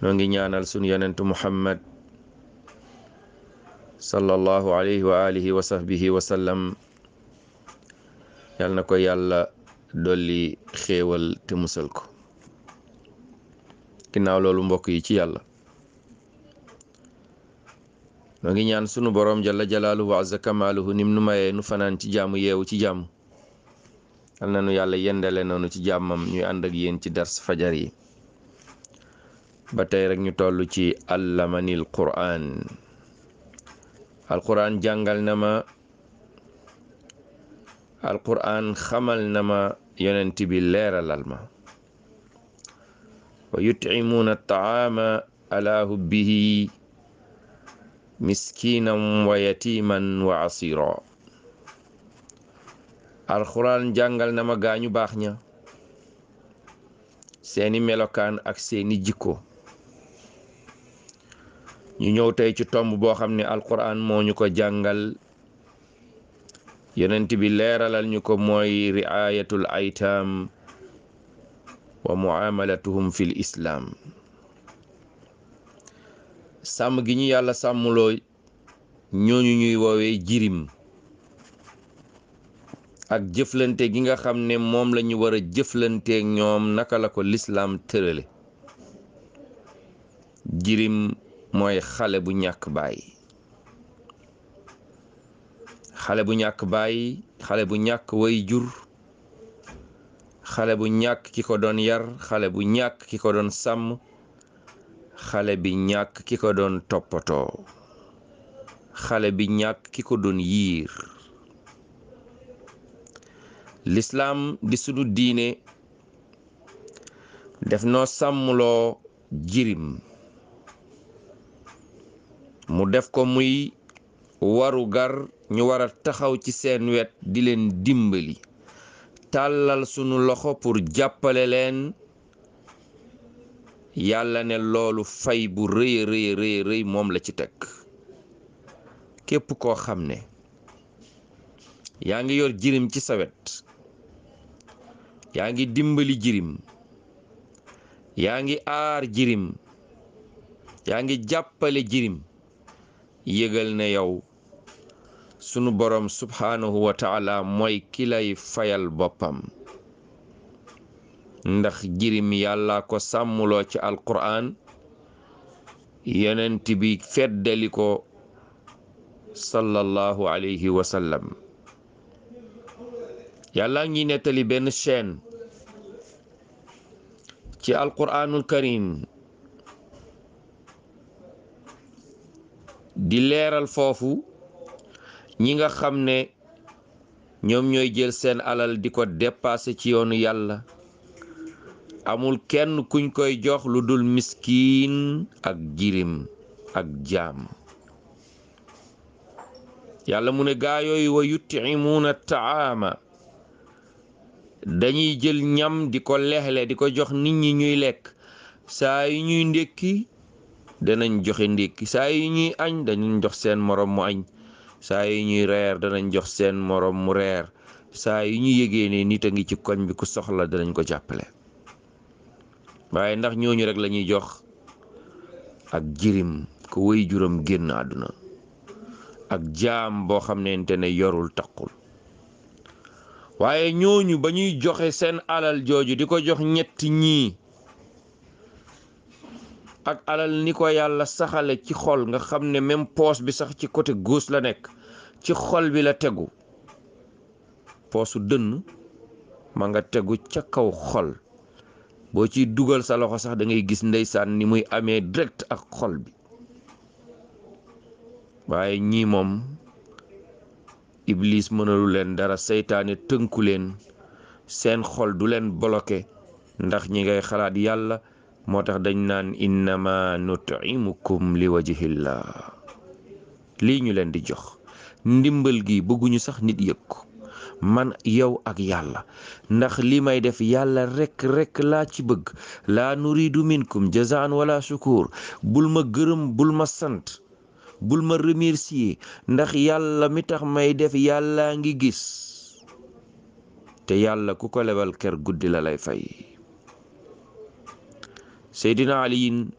noo ngi ñaanal sunu yonentu muhammad sallallahu alayhi wa alihi wa sahbihi wa sallam yal na ko yàlla dolli xéewal te musal ko ginnaaw loolu mbokk yi ci yàlla noo ngi ñaan sunu boroom jalla jalaaluhu wa azza kamaaluhu nim nu mayee nu fanaan ci jàmm yeewu ci jàmm yal na nu yàlla yendale noonu ci jàmmam ñuy ànd ak yéen ci dars fajar yi ba tey rek ñu toll ci allamanil quraan alquraan jàngal na ma alquraan xamal na ma yonent bi leeralal ma wa yutcimuuna altacaama alaa hubbihi miskiinan wa yatiiman wa asira alquraan jàngal na ma gaañu baax ña seeni melokaan ak seeni jikko ñu ñëw tey ci tomb boo xam ne alquran moo ñu ko jàngal yonent bi leeralal ñu ko mooy riayatul aytaam wa muamalatuhum fil islaam sàmm gi ñu yàlla sàmmuloo ñooñu ñuy woowee jirim ak jëflante gi nga xam ne moom lañu ñu war a jëflanteeg ñoom naka la ko lislaam tërale jirim mooy xale bu ñàkk baay xale bu ñàkk baay xale bu ñàkk way jur xale bu ñàkk ki ko doon yar xale bu ñàkk ki ko doon sàmm xale bi ñàkk ki ko doon toppatoo xale bi ñàkk ki ko doon yiir lislaam di sunu diine def noo sàmmuloo jirim mu def ko muy warugar ñu war a taxaw ci seen wet di leen dimbali tàllal sunu loxo pour jàppale leen yàlla ne loolu fay bu rëy rëy rëy moom la ci teg képp koo xam ne yaa ngi yor jirim ci sa wet yaa ngi dimbali jirim yaa ngi aar jirim yaa ngi jàppale jirim yëgal ne yow sunu borom subhaanahu wa taala mooy ki lay fayal boppam ndax jirim yàlla ko sàmmuloo ci alquran yonent bi feddali ko sallallahu alayhi wa sallam ngi nettali benn chaîne ci alquranul karim di leeral foofu ñi nga xam ne ñoom ñooy jël seen alal di ko dépassé ci yoonu yàlla amul kenn kuñ koy jox lu dul miskiin ak jirim ak jaam yàlla mu ne gaa yooyu wa yutimuuna taama dañuy jël ñam di ko leexle di ko jox nit ñi ñuy lekk saa yu ñuy ndékki danañ joxe ndékki saa yi ñuy añ danañ jox seen moroom mu añ saa yi ñuy reer danañ jox seen moroom mu reer saa yi ñu yégee nit a ngi ci koñ bi ku soxla danañ ko jàppale waaye ndax ñooñu rek lañuy jox ak jirim ko wéy juróom génn àdduna ak jaam boo xam nente ne yorul taqul waaye ñooñu ba ñuy joxe seen alal jooju di ko jox ñetti ñii ak alal ni ko yàlla saxale ci xol nga xam ne même poos bi sax ci côté gauche la nekk ci xol bi la tegu poosu dënn ma nga tegu ca kaw xol boo ciy dugal sa loxo sax dangay gis ndeysaan ni muy amee direct ak xol bi waaye ñii moom iblis mënalu leen dara seytaane tënku leen seen xol du leen boloke ndax ñi ngay xalaat yàlla moo tax dañ naan innama nutimukum li wajihillah lii ñu leen di jox ndimbal gi bëgguñu sax nit yëg ko man yow ak yàlla ndax lii may def yàlla rekk rekk laa ci bëgg laa nuridu minkum jazaan wala shukur bul ma gërëm bul ma sant bul ma remercier ndax yàlla mi tax may def yàllaa ngi gis te yàlla ku ko lebal ker guddi la lay fay seydina aliyin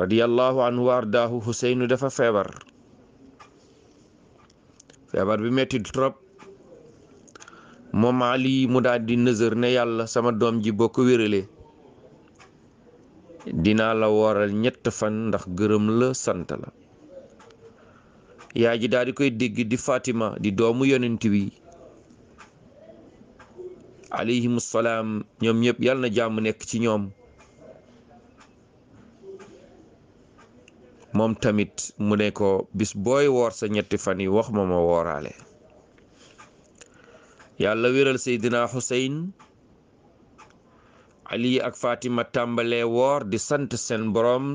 radiallahu anhu wa ardaahu huseynu dafa feebar feebar bi metti trop moom ali mu daal di nëzër ne yàlla sama doom ji boo ko wéralee dinaa la woral ñett fan ndax gërëm la sant la yaay ji daal koy dégg di Fatima di doomu yonent wi alayhimu salaam ñoom ñëpp yal na jàmm nekk ci ñoom moom tamit mu ne ko bis booy woor sa ñetti fan yi wax ma ma wooraale yàlla wéral Seydina Xuseyn Ali ak faatima tàmbalee woor di sant seen boroom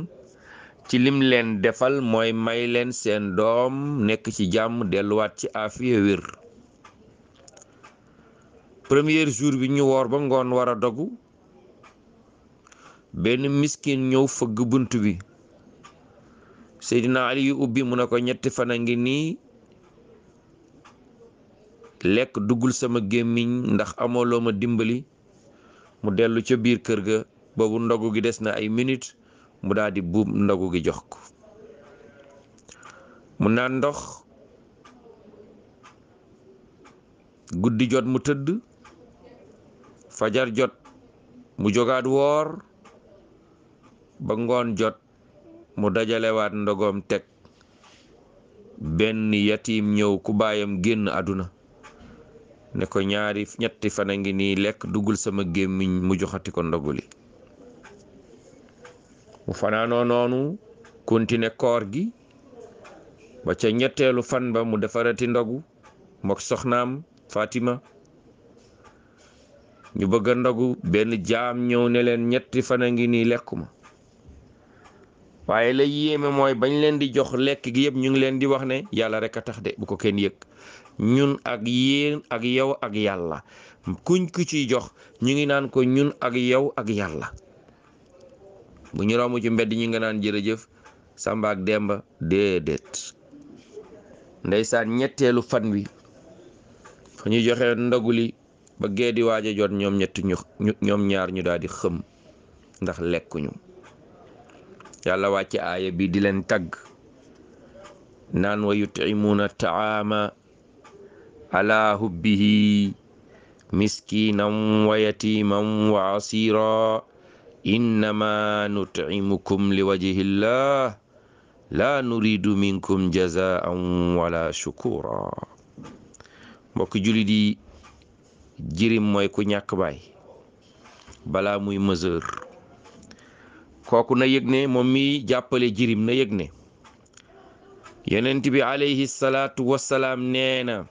ci lim leen defal mooy may leen seen doom nekk ci jàmm delluwaat ci aafiya wér premier jour bi ñu woor ba ngoon war a dogu benn miskin ñëw fëgg bunt bi Seydina Ali yu ubbi mu ne ko ñetti fan a ngi nii lekk duggul sama gémmiñ ndax amoo loo ma dimbali mu dellu ca biir kër ga boobu ndogu gi des na ay minute mu daldi di buub ndogu gi jox ko mu naan ndox guddi jot mu tëdd fajar jot mu jogaat woor ba ngoon jot mu dajalewaat ndogoom teg benn yatiim ñëw ku baayam génn àdduna ne ko ñaari ñetti fan a ngi lekk duggul sama gémmiñ mu joxati ko ndogu mu fanaanoo noonu kontine koor gi ba ca ñetteelu fan ba mu defarati ndogu mook soxnaam Fatima ñu bëgg a ndogu benn jaam ñëw ne leen ñetti fan a ngi nii lekkuma waaye la yéeme mooy bañ leen di jox lekk gi yëpp ñu ngi leen di wax ne yàlla rek a tax de bu ko kenn yëg ñun ak yéen ak yow ak yàlla kuñ ku ci jox ñu ngi naan ko ñun ak yow ak yàlla bu ñu romb ci mbedd ñi nga naan jërëjëf Samba ak Demba déedéet ndeysaan ñetteelu fan wi fa ñu joxe ndogu ba gee di waaj a jot ñoom ñett ñu ñoom ñaar ñu daal di xëm ndax lekkuñu yàlla wàcce aaya bi di leen tagg naan wa yutimuuna taama ala hubbihi miskinan wa yatiman innama nutimukum li wajhillah la nuridu minkum jazaan wala shukura jirim mooy ku ñàkk baay balaa muy mesure kooku na yëg ne moom mi jàppale jirim na yëg ne yonent bi alayhi salaatu wasalaam nee na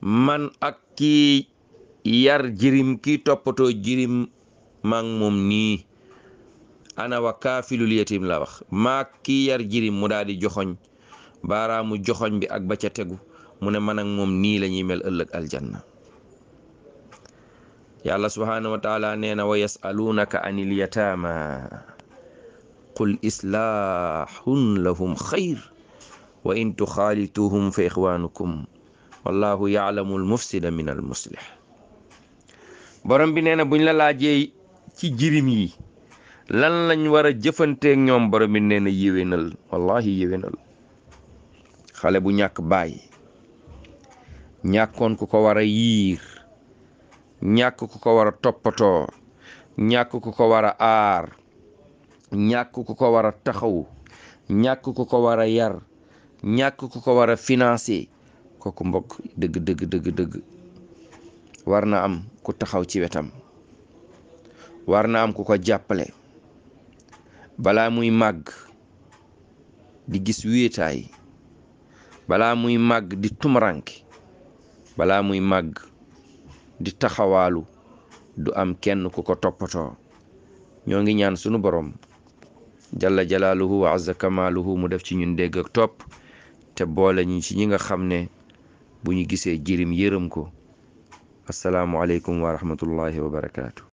man ak ki yar jirim ki toppatoo jirim maa ngi moom nii ana wa kaafilul yetim la wax maa kii yar jirim mu daal joxoñ baaraamu joxoñ bi ak ba ca tegu mu ne man moom nii la ñuy mel ëllëg aljanna yàlla subhaanahu wa taala nee na wa yasaluunaka anil yataama qul islaahun lahum xayr wa in tuxaalituhum fa ixwaanukum wallahu yaalamu almufsida min almuslih borom bi nee na buñ la laajee ci jirim yi lan lañ war a jëfanteeg ñoom borom bi nee na wallahi yéwénal xale bu ñàkk bàyyi ñàkkoon ku ko war a yiir ñàkk ku ko war a toppatoo ñàkk ku ko war a aar ñàkk ku ko war a taxawu ñàkk ku ko war a yar ñàkk ku ko war a financé kooku mbokk dëgg dëgg dëgg war na am ku taxaw ci wetam war na am ku ko jàppale balaa muy màgg di gis wéetaay balaa muy màgg di tumuranke balaa muy màgg di taxawaalu du am kenn ku ko toppatoo ñoo ngi ñaan sunu borom jalla jalaaluhu wa azza mu def ci ñun dégg ak topp te boole ñu ci ñi nga xam ne bu ñu gisee jirim yërëm ko asalaamualeykum wa rahmatullahi wa barakaatu.